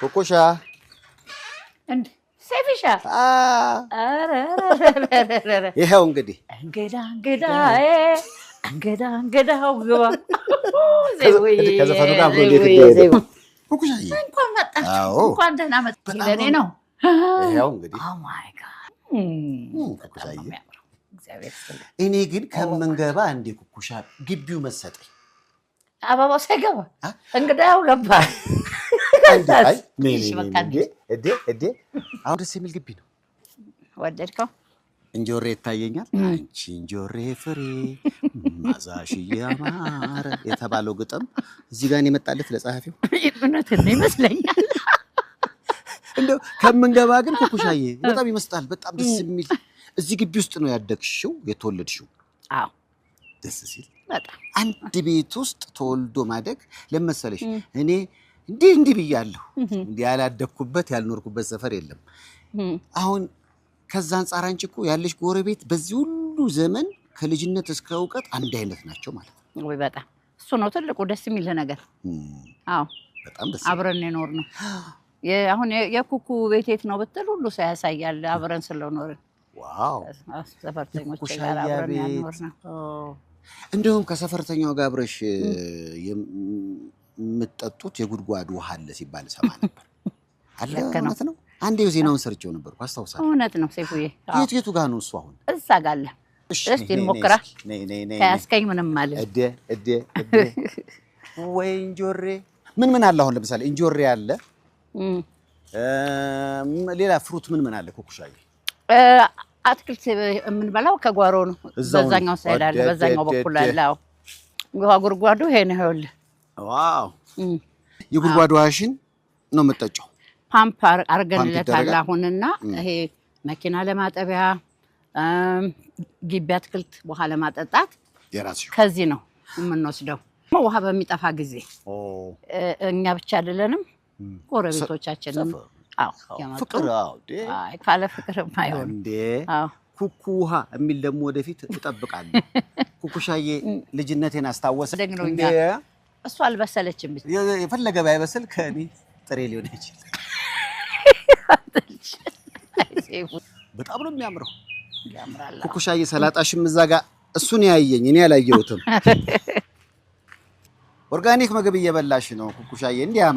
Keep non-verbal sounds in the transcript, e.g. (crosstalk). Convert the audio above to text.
ኩኩሻ ሴፊሻ ይኸው እንግዲህ እንግዳ እንግዳ እንግዳ እንግዳው ግባ ከዘፈኑ ጋር እንኳን መጣችሁ፣ እንኳን ደህና መጣችሁ። ለእኔ ነው እኔ ግን ከምንገባ እንዴ ኩኩሻ ግቢው መሰጠኝ አበባው ሳይገባ እንግዳው ገባ። አሁን ደስ የሚል ግቢ ነው። ወደድከው? እንጆሬ ይታየኛል። አንቺ እንጆሬ ፍሬ ማዛሽ እያማረ የተባለው ግጥም እዚህ ጋር የመጣለት ለጸሐፊው። እውነትን ይመስለኛል። እንደው ከምንገባ ግን ኩኩሻዬ በጣም ይመስጣል። በጣም ደስ የሚል እዚህ ግቢ ውስጥ ነው ያደግሽው የተወለድሽው? አዎ። ደስ ሲል አንድ ቤት ውስጥ ተወልዶ ማደግ ለመሰለሽ እኔ እንዲህ እንዲህ ብያለሁ። እንዲህ ያላደግኩበት ያልኖርኩበት ሰፈር የለም። አሁን ከዛ አንጻር አንቺ እኮ ያለሽ ጎረቤት በዚህ ሁሉ ዘመን ከልጅነት እስከ እውቀት አንድ አይነት ናቸው ማለት ነው። ወይ በጣም እሱ ነው ትልቁ ደስ የሚል ነገር። አዎ በጣም ደስ አብረን የኖር ነው። አሁን የኩኩ ቤት የት ነው ብትል ሁሉ ሰው ያሳያል። አብረን ስለኖርን ሰፈርተኞች ጋር አብረን ያኖር ነው። ከሰፈርተኛው ጋር አብረሽ የምትጠጡት የጉድጓድ ውሃ አለ ሲባል ሰማ ነበር። (laughs) አለ እውነት ነው። አንዴ ዜናውን ሰርቼው ነበር አስታውሳለሁ። እውነት ነው ሴፉዬ። የቱ የቱ ጋር ነው እሱ? አሁን እዛ ጋር አለ። እስኪ እንሞክራ። ከያስከኝ ምንም አለ እደ እደ ወይ እንጆሬ። ምን ምን አለ አሁን? ለምሳሌ እንጆሬ አለ። ሌላ ፍሩት ምን ምን አለ? ኮኩሻዬ አትክልት የምንበላው ከጓሮ ነው። በዛኛው ሳይድ አለ፣ በዛኛው በኩል አለ። ውሃ ጉድጓዱ ይሄ ይኸውልህ ዋው! የጉድጓድ ውሃሽን ነው የምጠጫው? ፓምፕ አርገንለታል አሁንና ይሄ መኪና ለማጠቢያ ግቢ አትክልት ውሃ ለማጠጣት ከዚህ ነው የምንወስደው። ውሃ በሚጠፋ ጊዜ እኛ ብቻ አይደለንም፣ ጎረቤቶቻችንም ካለ ፍቅርም አይሆን። ኩኩ ውሃ የሚል ደግሞ ወደፊት እጠብቃለሁ። (laughs) ኩኩሻዬ ልጅነቴን አስታወሰ። እሱ አልበሰለችም። ብቻ የፈለገ ባይበስል ከእኔ ጥሬ ሊሆን አይችልም። በጣም ነው የሚያምረው። ኩኩሻዬ ሰላጣሽም እዛ ጋር እሱን ያየኝ እኔ አላየሁትም። (laughs) ኦርጋኒክ ምግብ እየበላሽ ነው ኩኩሻዬ እንዲያ